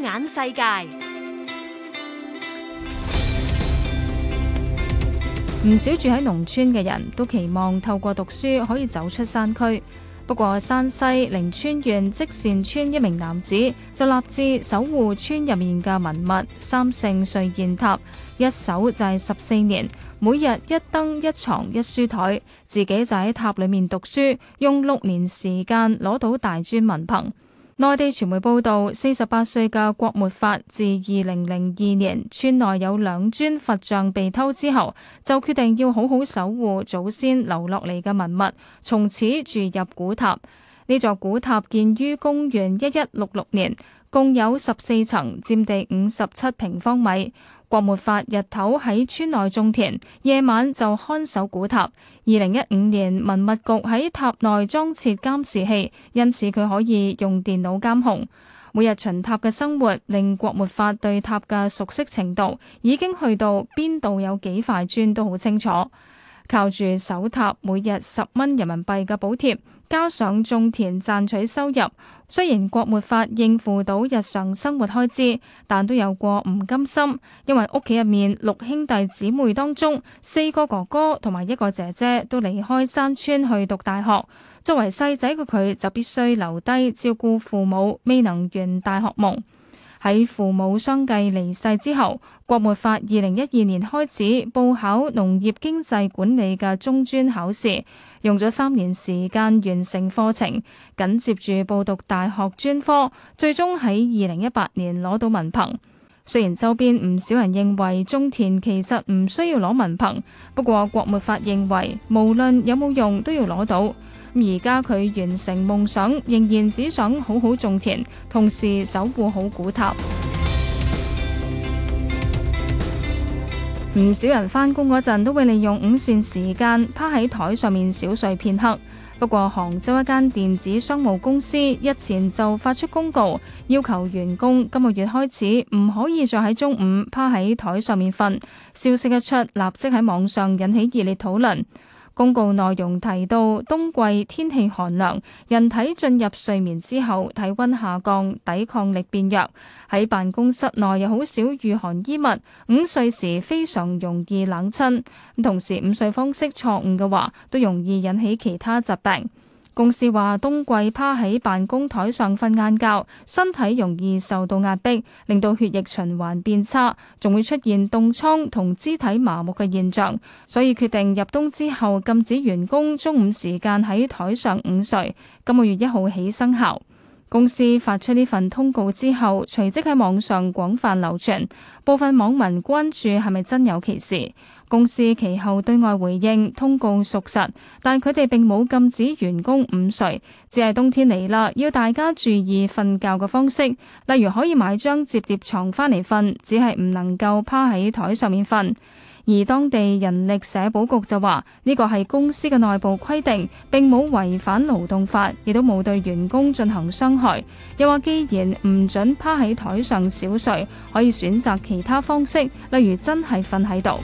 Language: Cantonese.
眼世界，唔少住喺農村嘅人都期望透過讀書可以走出山區。不過，山西靈川縣積善村一名男子就立志守護村入面嘅文物三聖瑞現塔，一守就係十四年，每日一燈一床一書台，自己就喺塔裏面讀書，用六年時間攞到大專文憑。內地傳媒報道，四十八歲嘅郭末法自二零零二年村內有兩尊佛像被偷之後，就決定要好好守護祖先留落嚟嘅文物，從此住入古塔。呢座古塔建於公元一一六六年，共有十四層，佔地五十七平方米。郭沫法日頭喺村內種田，夜晚就看守古塔。二零一五年文物局喺塔內裝設監視器，因此佢可以用電腦監控。每日巡塔嘅生活令郭沫法對塔嘅熟悉程度已經去到邊度，有幾塊磚都好清楚。靠住守塔每日十蚊人民幣嘅補貼，加上種田賺取收入，雖然國沒法應付到日常生活開支，但都有過唔甘心，因為屋企入面六兄弟姊妹當中四個哥哥同埋一個姐姐都離開山村去讀大學，作為細仔嘅佢就必須留低照顧父母，未能圓大學夢。喺父母相繼離世之後，郭末法二零一二年開始報考農業經濟管理嘅中專考試，用咗三年時間完成課程，緊接住報讀大學專科，最終喺二零一八年攞到文憑。雖然周邊唔少人認為種田其實唔需要攞文憑，不過郭末法認為無論有冇用都要攞到。而家佢完成夢想，仍然只想好好種田，同時守護好古塔。唔 少人返工嗰陣都會利用午膳時間趴喺台上面小睡片刻。不過，杭州一間電子商務公司日前就發出公告，要求員工今個月開始唔可以再喺中午趴喺台上面瞓。消息一出，立即喺網上引起熱烈討論。公告內容提到，冬季天氣寒涼，人體進入睡眠之後，體溫下降，抵抗力變弱。喺辦公室內有好少御寒衣物，午睡時非常容易冷親。同時，午睡方式錯誤嘅話，都容易引起其他疾病。公司話冬季趴喺辦公台上瞓晏覺，身體容易受到壓迫，令到血液循環變差，仲會出現凍瘡同肢體麻木嘅現象，所以決定入冬之後禁止員工中午時間喺台上午睡，今個月一號起生效。公司發出呢份通告之後，隨即喺網上廣泛流傳，部分網民關注係咪真有其事。公司其後對外回應通告屬實，但佢哋並冇禁止員工午睡，只係冬天嚟啦，要大家注意瞓覺嘅方式，例如可以買張折疊床翻嚟瞓，只係唔能夠趴喺台上面瞓。而當地人力社保局就話：呢個係公司嘅內部規定，並冇違反勞動法，亦都冇對員工進行傷害。又話，既然唔准趴喺台上小睡，可以選擇其他方式，例如真係瞓喺度。